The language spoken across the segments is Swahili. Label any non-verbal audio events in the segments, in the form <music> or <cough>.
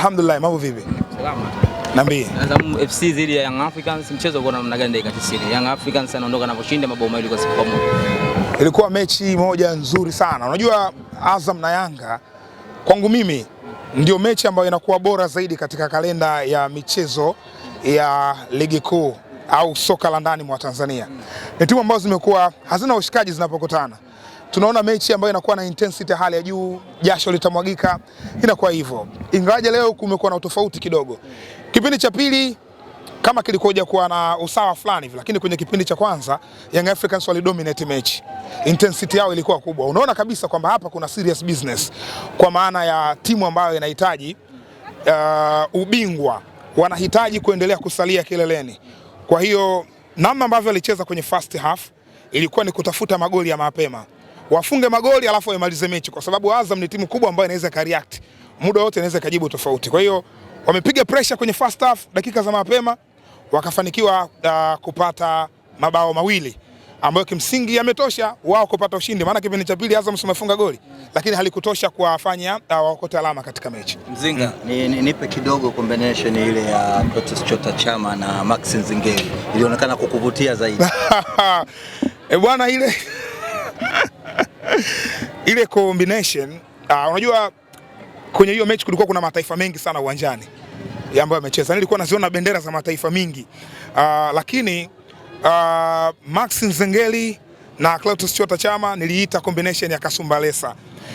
Alhamdulillah, mambo vipi? Salama. Niambie. Azam FC dhidi ya Young Africans mchezo uko namna gani dakika 90? Young Africans anaondoka na kushinda mabao mawili kwa sifuri. Ilikuwa mechi moja nzuri sana. Unajua Azam na Yanga kwangu mimi ndio mechi ambayo inakuwa bora zaidi katika kalenda ya michezo ya ligi kuu au soka la ndani mwa Tanzania. Ni timu ambazo zimekuwa hazina ushikaji zinapokutana tunaona mechi ambayo inakuwa na intensity hali ya juu, jasho litamwagika, inakuwa hivyo. Ingawaje leo kumekuwa na utofauti kidogo. Kipindi cha pili kama kilikuja kuwa na usawa fulani hivi, lakini kwenye kipindi cha kwanza Young Africans walidominate mechi, intensity yao ilikuwa kubwa. Unaona kabisa kwamba hapa kuna serious business, kwa maana ya timu ambayo inahitaji uh, ubingwa, wanahitaji kuendelea kusalia kileleni. Kwa hiyo namna ambavyo alicheza kwenye first half ilikuwa ni kutafuta magoli ya mapema wafunge magoli alafu wamalize mechi, kwa sababu Azam ni timu kubwa ambayo inaweza ka react muda wote, inaweza kajibu tofauti. Kwa hiyo wamepiga pressure kwenye first half, dakika za mapema wakafanikiwa uh, kupata mabao mawili ambayo kimsingi yametosha wao kupata ushindi, maana kipindi cha pili Azam simefunga goli lakini halikutosha kuwafanya uh, waokote alama katika mechi. Mzinga, mm. ni, ni, nipe kidogo combination ile ya Protes Chota Chama na Max Nzingeli ilionekana kukuvutia zaidi. <laughs> Eh bwana ile <laughs> ile combination uh, unajua kwenye hiyo mechi kulikuwa kuna mataifa mengi sana uwanjani ambayo yamecheza. Nilikuwa naziona bendera za mataifa mingi uh, lakini uh, Max Nzengeli na Clatous Chota Chama niliita combination ya Kasumbalesa.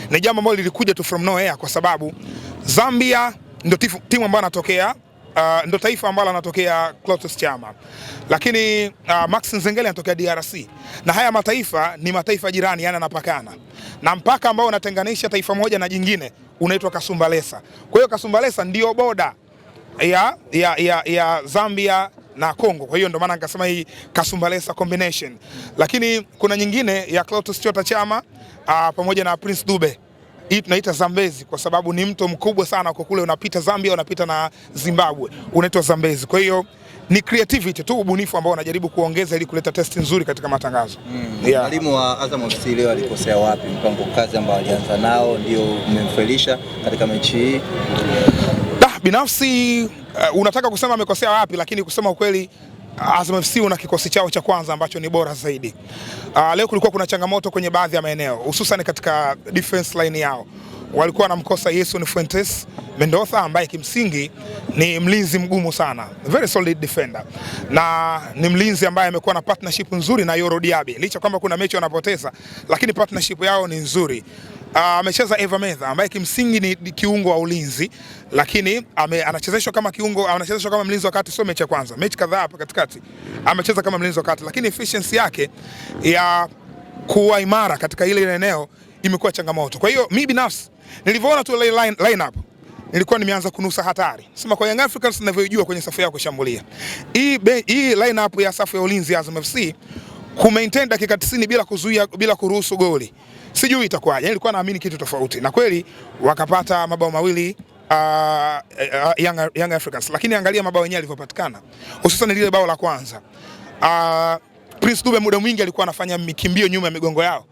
Ni jambo ambalo lilikuja tu from nowhere kwa sababu Zambia ndio timu ambayo anatokea uh, ndo taifa ambalo anatokea Clatous Chama, lakini uh, Max Nzengeli anatokea DRC na haya mataifa ni mataifa jirani, yani anapakana na mpaka ambao unatenganisha taifa moja na jingine unaitwa Kasumbalesa. Kwa hiyo Kasumbalesa ndio boda ya, ya, ya, ya Zambia na Kongo. Kwa hiyo ndio maana nikasema hii Kasumbalesa combination, lakini kuna nyingine ya Clatous Chota Chama uh, pamoja na Prince Dube hii tunaita Zambezi kwa sababu ni mto mkubwa sana kwa kule unapita Zambia, unapita na Zimbabwe, unaitwa Zambezi. Kwa hiyo ni creativity tu, ubunifu ambao wanajaribu kuongeza ili kuleta testi nzuri katika matangazo. Mwalimu mm, yeah, wa Azam FC leo alikosea wapi? Mpango kazi ambao alianza nao ndio umemfelisha katika mechi hii. Ah, binafsi uh, unataka kusema amekosea wapi, lakini kusema ukweli Azam FC una kikosi chao cha kwanza ambacho ni bora zaidi. Uh, leo kulikuwa kuna changamoto kwenye baadhi ya maeneo hususan katika defense line yao walikuwa wanamkosa Yeson Fuentes Mendoza ambaye kimsingi ni mlinzi mgumu sana, very solid defender, na ni mlinzi ambaye amekuwa na partnership nzuri na Yoro Diaby, licha kwamba kuna mechi wanapoteza, lakini partnership yao ni nzuri. Ah, amecheza uh, Eva Meza ambaye kimsingi ni kiungo wa ulinzi, lakini anachezeshwa kama kiungo, anachezeshwa kama mlinzi wa kati. Sio mechi ya kwanza, mechi kadhaa hapa katikati amecheza kama mlinzi wa kati, lakini efficiency yake ya kuwa imara katika ile eneo imekuwa changamoto. Kwa hiyo mimi binafsi nilivyoona tu line, line, up nilikuwa nimeanza kunusa hatari. Sema kwa Young Africans ninavyojua kwenye safu yao kushambulia. Hii hii line up ya safu ya ulinzi ya Azam FC kumaintain dakika 90 bila kuzuia bila kuruhusu goli sijui itakuwaje, nilikuwa naamini kitu tofauti, na kweli wakapata mabao mawili uh, uh, Young, Young Africans lakini angalia mabao yenyewe yalivyopatikana, hususan lile bao la kwanza. Uh, Prince Dube muda mwingi alikuwa anafanya mikimbio nyuma ya migongo yao,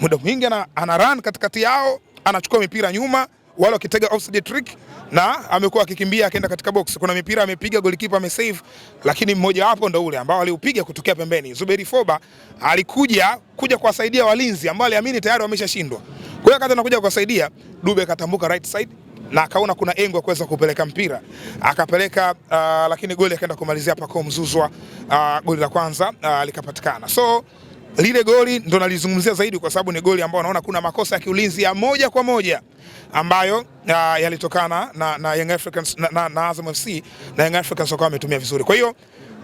muda mwingi ana, ana run katikati yao, anachukua mipira nyuma, wale wakitega offside trick na amekuwa akikimbia akaenda katika box. Kuna mipira amepiga golikipa amesave, lakini mmoja wapo ndo ule ambao aliupiga kutokea pembeni. Zuberi Foba alikuja kuja kuwasaidia walinzi ambao aliamini tayari wameshashindwa. Kwa hiyo akati anakuja kuwasaidia, Dube akatambuka right side na akaona kuna engo ya kuweza kupeleka mpira akapeleka, uh, lakini goli akaenda kumalizia Pacome Zouzoua, uh, goli la kwanza uh, likapatikana so lile goli ndo nalizungumzia zaidi kwa sababu ni goli ambao naona kuna makosa ya kiulinzi ya moja kwa moja ambayo ah, yalitokana na, na Young Africans na, na, na Azam FC na Young Africans wakawa wametumia vizuri. Kwa hiyo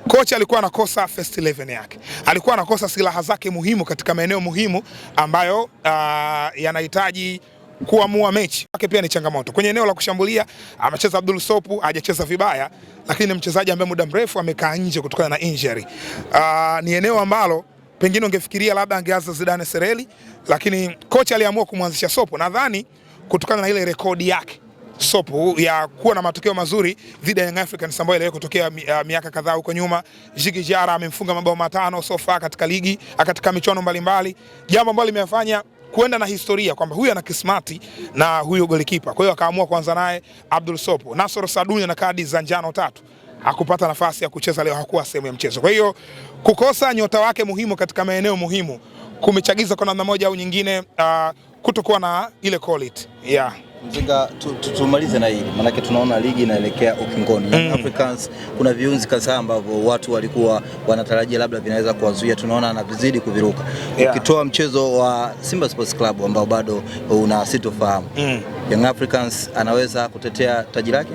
kocha alikuwa anakosa first 11 yake, alikuwa anakosa silaha zake muhimu katika maeneo muhimu ambayo ah, yanahitaji kuamua mechi wake pia ni changamoto kwenye eneo la kushambulia. Amecheza Abdul Sopu, hajacheza vibaya, lakini ni mchezaji ambaye muda mrefu amekaa nje kutokana na injury. Aa, ah, ni eneo ambalo pengine ungefikiria labda angeanza Zidane Sereli, lakini kocha aliamua kumwanzisha Sopo, nadhani kutokana na ile rekodi yake Sopo ya kuwa na matokeo mazuri dhidi ya Young Africans ambayo iliwahi kutokea mi, uh, miaka kadhaa huko nyuma. Jiki Jara amemfunga mabao matano so far katika ligi, uh, katika michuano mbalimbali, jambo ambalo limefanya kwenda na historia kwamba huyu ana kismati na huyu golikipa. Kwa hiyo akaamua kuanza naye Abdul Sopo. Nasoro Sadunya na kadi za njano tatu, hakupata nafasi ya kucheza leo, hakuwa sehemu ya mchezo. Kwa hiyo kukosa nyota wake muhimu katika maeneo muhimu kumechagiza kwa namna moja au nyingine uh, kutokuwa na ile quality yeah. Mzinga, tumalize tu, na hili maanake tunaona ligi inaelekea ukingoni. mm. Africans kuna viunzi kadhaa ambavyo watu walikuwa wanatarajia labda vinaweza kuwazuia, tunaona anavizidi kuviruka yeah. Ukitoa mchezo wa Simba Sports Club ambao bado una sitofahamu mm. Young Africans anaweza kutetea taji lake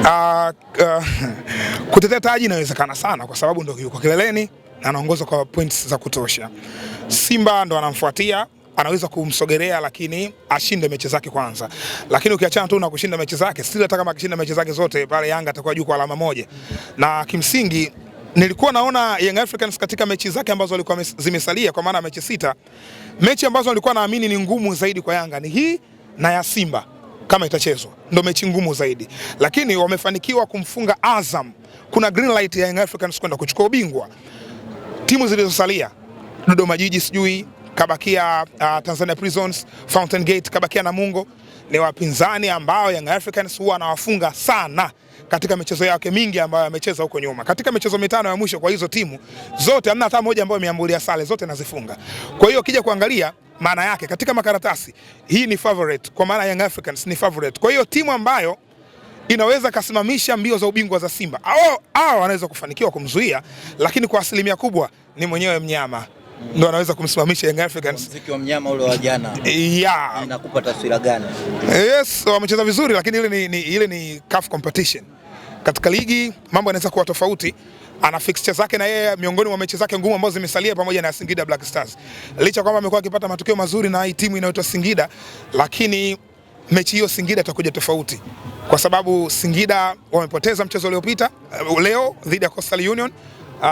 Uh, uh, kutetea taji inawezekana sana kwa sababu ndio yuko kileleni na anaongoza kwa points za kutosha. Simba ndo anamfuatia, anaweza kumsogerea lakini ashinde mechi zake kwanza. Lakini ukiachana tu na kushinda mechi zake, still hata kama akishinda mechi zake zote pale Yanga atakuwa juu kwa alama moja. Na kimsingi nilikuwa naona Young Africans katika mechi zake ambazo walikuwa zimesalia kwa maana mechi sita, mechi ambazo nilikuwa naamini ni ngumu zaidi kwa Yanga ni hii na ya Simba kama itachezwa, ndio mechi ngumu zaidi, lakini wamefanikiwa kumfunga Azam. Kuna green light ya Young Africans kwenda kuchukua ubingwa. Timu zilizosalia Dodoma Jiji sijui kabakia uh, Tanzania Prisons, Fountain Gate kabakia Namungo ni wapinzani ambao Young Africans huwa anawafunga sana katika michezo yake mingi ambayo amecheza huko nyuma. Katika michezo mitano ya mwisho kwa hizo timu zote, hamna hata moja ambayo imeambulia sare, zote nazifunga. Kwa hiyo kija kuangalia maana yake katika makaratasi hii ni favorite, kwa maana Young Africans ni favorite. Kwa hiyo timu ambayo inaweza kasimamisha mbio za ubingwa za Simba au au anaweza kufanikiwa kumzuia, lakini kwa asilimia kubwa ni mwenyewe mnyama mm. ndo anaweza kumsimamisha Young Africans. Mziki wa mnyama ule wa jana yeah. inakupa taswira gani? Yes, wamecheza vizuri, lakini ile ni, ni, ile ni CAF competition. Katika ligi mambo yanaweza kuwa tofauti ana fixture zake na yeye miongoni mwa mechi zake ngumu ambazo zimesalia pamoja na Singida Black Stars. Licha kwamba amekuwa akipata matokeo mazuri na hii timu inayoitwa Singida, lakini mechi hiyo Singida itakuja tofauti kwa sababu Singida wamepoteza mchezo uliopita eh, leo dhidi ya Coastal Union. Uh,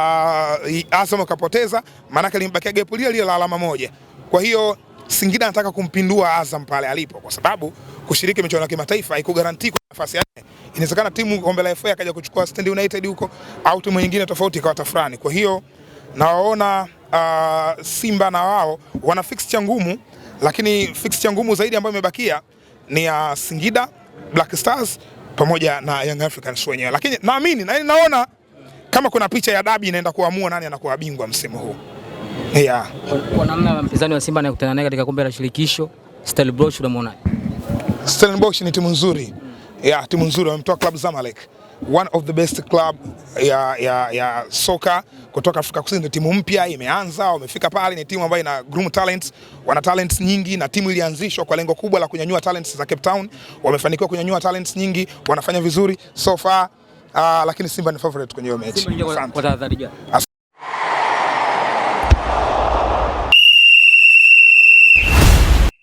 Azam akapoteza, maanake limbakia gepu lile lile la alama moja. Kwa hiyo Singida anataka kumpindua Azam pale alipo, kwa sababu kushiriki michuano ya kimataifa haikugarantii kwa nafasi Inawezekana timu kombe la FA akaja kuchukua Stand United huko au timu nyingine tofauti ikawa fulani. Kwa hiyo nawaona uh, Simba na wao wana fixture ngumu, lakini fixture ngumu zaidi ambayo imebakia ni ya uh, Singida Black Stars pamoja na Young Africans wenyewe, lakini naamini na naona kama kuna picha ya dabi inaenda kuamua nani anakuwa bingwa msimu huu. Yeah. Kwa namna mpinzani wa Simba anayekutana naye katika kombe la shirikisho Stellenbosch, unamwona Stellenbosch ni timu nzuri ya timu nzuri, wamemtoa club Zamalek, one of the best club ya, ya, ya soka kutoka Afrika Kusini. Ndio timu mpya imeanza, wamefika pale, ni timu ambayo ina groom talents, wana talents nyingi, na timu ilianzishwa kwa lengo kubwa la kunyanyua talents za Cape Town. Wamefanikiwa kunyanyua talents nyingi, wanafanya vizuri so far. Uh, lakini Simba ni favorite kwenye hiyo mechi. Asante.